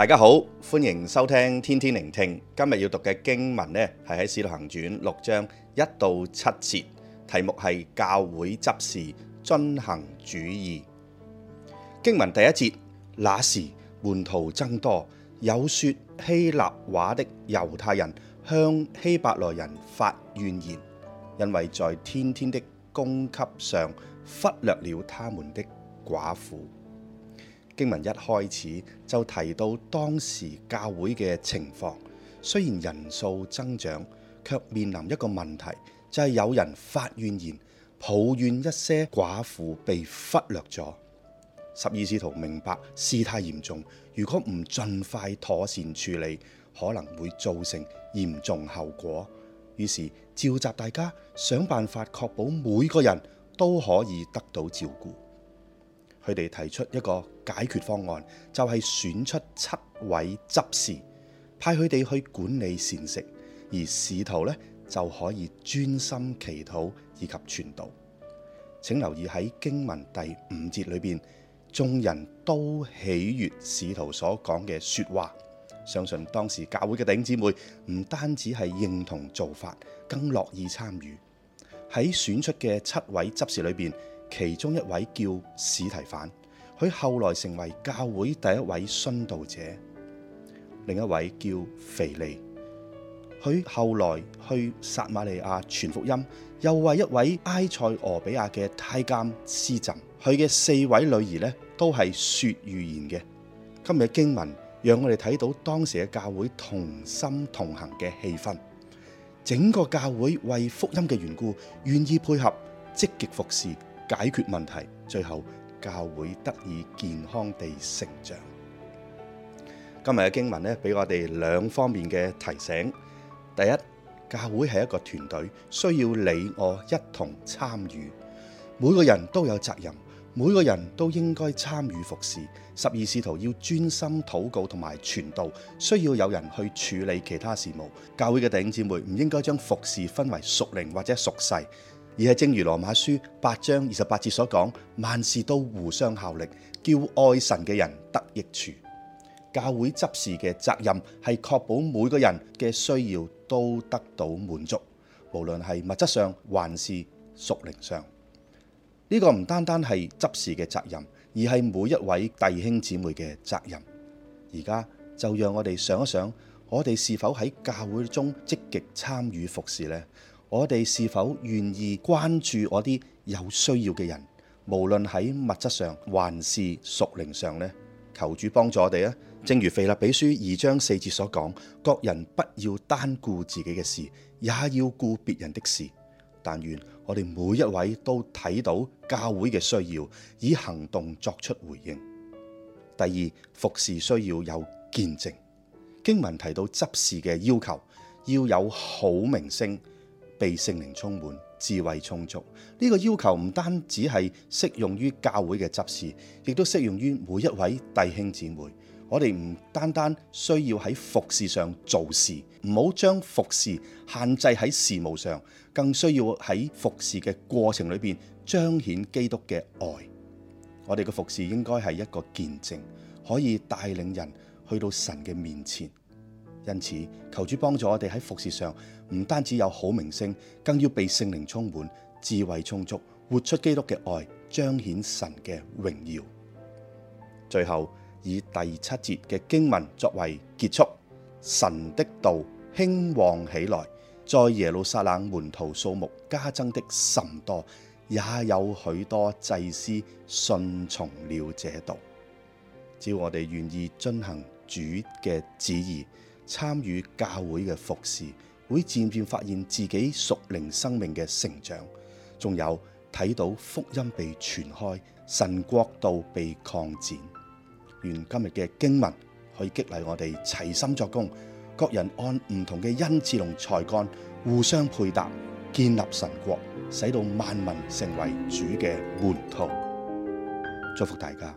大家好，歡迎收聽天天靈聽。今日要讀嘅經文呢，係喺《使徒行傳》六章一到七節，題目係教會執事遵行主意。經文第一節：那時門徒增多，有說希臘話的猶太人向希伯來人發怨言，因為在天天的供給上忽略了他們的寡婦。經文一開始就提到當時教會嘅情況，雖然人數增長，卻面臨一個問題，就係、是、有人發怨言，抱怨一些寡婦被忽略咗。十二使徒明白事態嚴重，如果唔盡快妥善處理，可能會造成嚴重後果。於是召集大家想辦法確保每個人都可以得到照顧。佢哋提出一個，解決方案就係、是、選出七位執事，派佢哋去管理膳食，而使徒呢就可以專心祈禱以及傳道。請留意喺經文第五節裏邊，眾人都喜悅使徒所講嘅說話。相信當時教會嘅弟兄姊妹唔單止係認同做法，更樂意參與。喺選出嘅七位執事裏邊，其中一位叫司提反。佢後來成為教會第一位殉道者，另一位叫腓利，佢後來去撒瑪利亞傳福音，又為一位埃塞俄比亞嘅太監施浸。佢嘅四位女兒呢都係說預言嘅。今日嘅今日經文讓我哋睇到當時嘅教會同心同行嘅氣氛，整個教會為福音嘅緣故，願意配合、積極服侍，解決問題，最後，教會得以健康地成長。今日嘅經文咧，俾我哋兩方面嘅提醒。第一，教會係一個團隊，需要你我一同參與。每個人都有責任，每個人都應該參與服事。十二使徒要專心禱告同埋傳道，需要有人去處理其他事務。教會嘅弟兄姊妹唔應該將服事分為屬靈或者屬世。而係正如羅馬書八章二十八節所講，萬事都互相效力，叫愛神嘅人得益處。教會執事嘅責任係確保每個人嘅需要都得到滿足，無論係物質上還是屬靈上。呢、這個唔單單係執事嘅責任，而係每一位弟兄姊妹嘅責任。而家就讓我哋想一想，我哋是否喺教會中積極參與服事呢？我哋是否願意關注我啲有需要嘅人，無論喺物質上還是屬靈上呢？求主幫助我哋啊！正如腓立比書二章四節所講，各人不要單顧自己嘅事，也要顧別人的事。但願我哋每一位都睇到教會嘅需要，以行動作出回應。第二，服侍需要有見證，經文提到執事嘅要求要有好名聲。被聖靈充滿，智慧充足，呢、這個要求唔單止係適用於教會嘅執事，亦都適用於每一位弟兄姊妹。我哋唔單單需要喺服侍上做事，唔好將服侍限制喺事務上，更需要喺服侍嘅過程裏邊彰顯基督嘅愛。我哋嘅服侍應該係一個見證，可以帶領人去到神嘅面前。因此，求主幫助我哋喺服侍上，唔單止有好名聲，更要被聖靈充滿，智慧充足，活出基督嘅愛，彰顯神嘅榮耀。最後以第七節嘅經文作為結束：神的道興旺起來，在耶路撒冷門徒數目加增的甚多，也有許多祭司信從了這道。只要我哋願意遵行主嘅旨意，參與教會嘅服侍，會漸漸發現自己屬靈生命嘅成長，仲有睇到福音被傳開，神國度被擴展。願今日嘅經文可以激勵我哋齊心作工，各人按唔同嘅恩賜同才幹互相配搭，建立神國，使到萬民成為主嘅門徒。祝福大家。